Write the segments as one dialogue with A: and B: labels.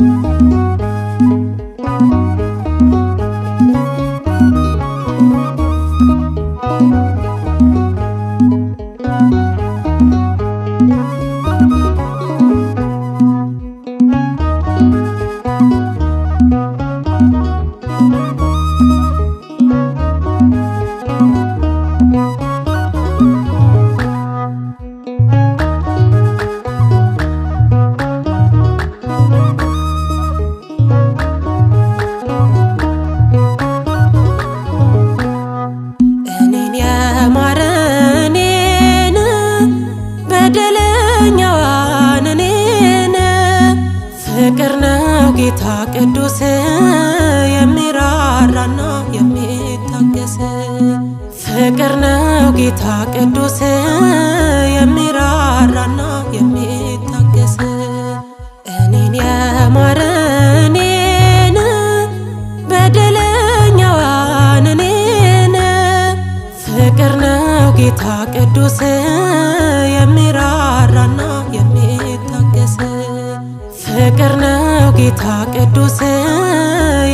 A: you ማረኔ በደለኛዋን እኔን ፍቅር ነው ጌታ ቅዱስ የሚራራና የሚታገስ ፍቅር ነው ጌታ ቅዱስ የሚራራና የሚ ቅዱስ የሚራራና የሚታገስ ፍቅር ነው ጌታ ቅዱስ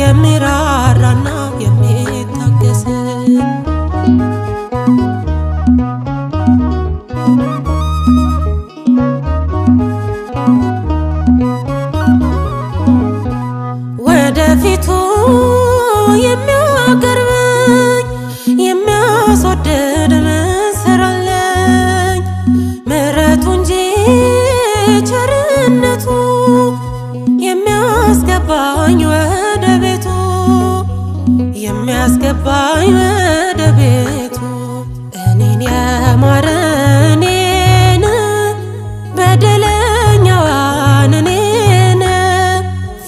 A: የሚራራና የሚታገስ ገባኝ ወደ ቤቱ እኔን ያማረ እኔን በደለኛዋን እኔን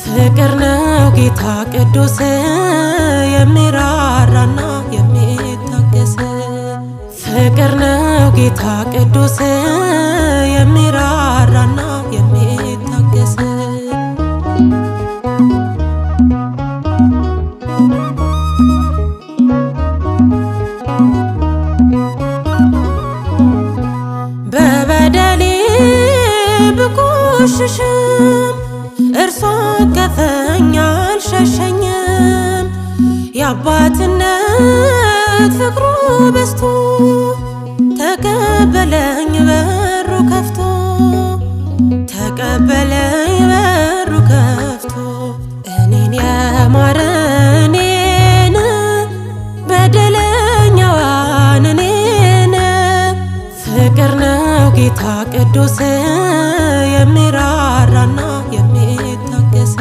A: ፍቅር ነው ጌታ ቅዱስ የሚራራና የሚታገስ ፍቅር ነው ጌታ ቅዱስ የሚራራና የሚታገስ አልሸሽሽም እርሶ አቀፈኝ አልሸሸኝም የአባትነት ፍቅሩ በስቶ ተቀበለኝ በሩ ከፍቶ ተቀበለኝ በሩ ከፍቶ እኔን የማረ ጌታ ቅዱስ የሚራራና የሚታገስ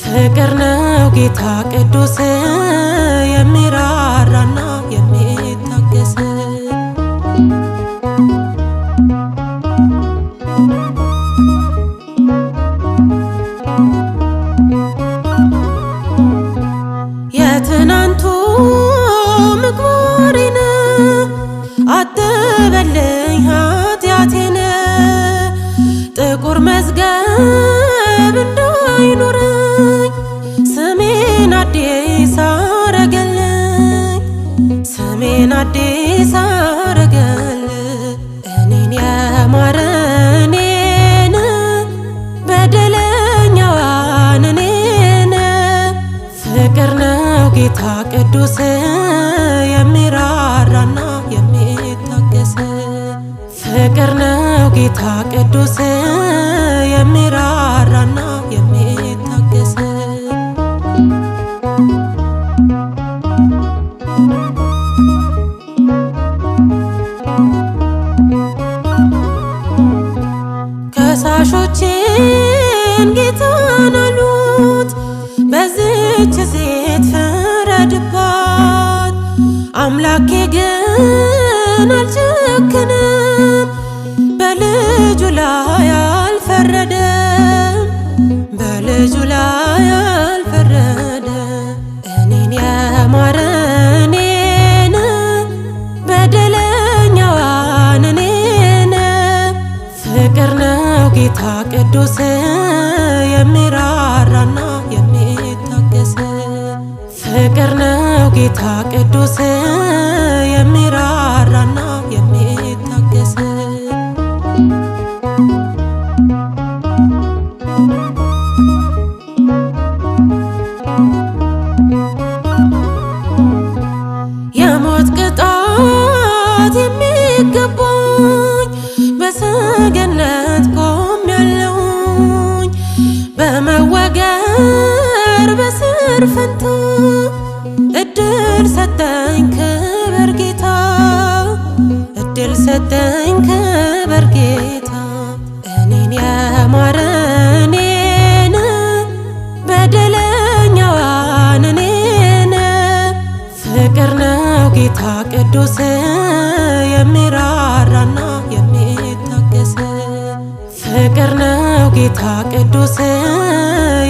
A: ፍቅር ነው። ጌታ ቅዱስ የሚራራና የሚታገስ የትናንቱ ምግባሬን አትበለኝ አጠገብ እንዳይኖረኝ ስሜን አዲስ አረገልኝ ስሜን አዲስ አረገል እኔን የማረ እኔን በደለኛዋን እኔን ፍቅር ነው ጌታ ቅዱስ የሚራራና የሚታገስ ፍቅር ነው ጌታ ቅዱስ የሚራራና የሚታገስ ከሳሾችን ጌታን አሉት፣ በዚች ሴት ፍረድባት። አምላኬ ግን አልጨከነም በልጁ ላይ አልፈረደ በልጁ ላይ አልፈረደ እኔን ያማረ እኔን በደለኛዋን እኔን ፍቅር ነው ጌታ ቅዱስ የሚራራና የሚታገስ ፍቅር ነው ጌታ ቅዱስ የሞት ቅጣት የሚገባኝ በሰገነት ቆም ያለውኝ በመወገር በስር ፈንታ እድል ሰጠኝ ክብር ጌታ እድል ሰጠኝ ክብር ጌታ ማረ እኔን በደለኛዋን እኔን ፍቅር ነው ጌታ ቅዱስ የሚራራና የሚታገስ ፍቅር ነው ጌታ ቅዱስ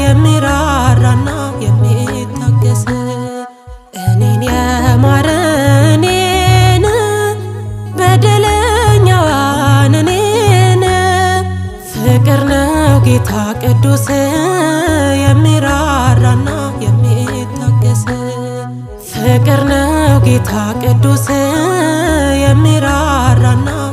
A: የሚራራና የሚ ቅዱስ የሚራራና የሚታገስ ፍቅር ነው ጌታ ቅዱስ የሚራራና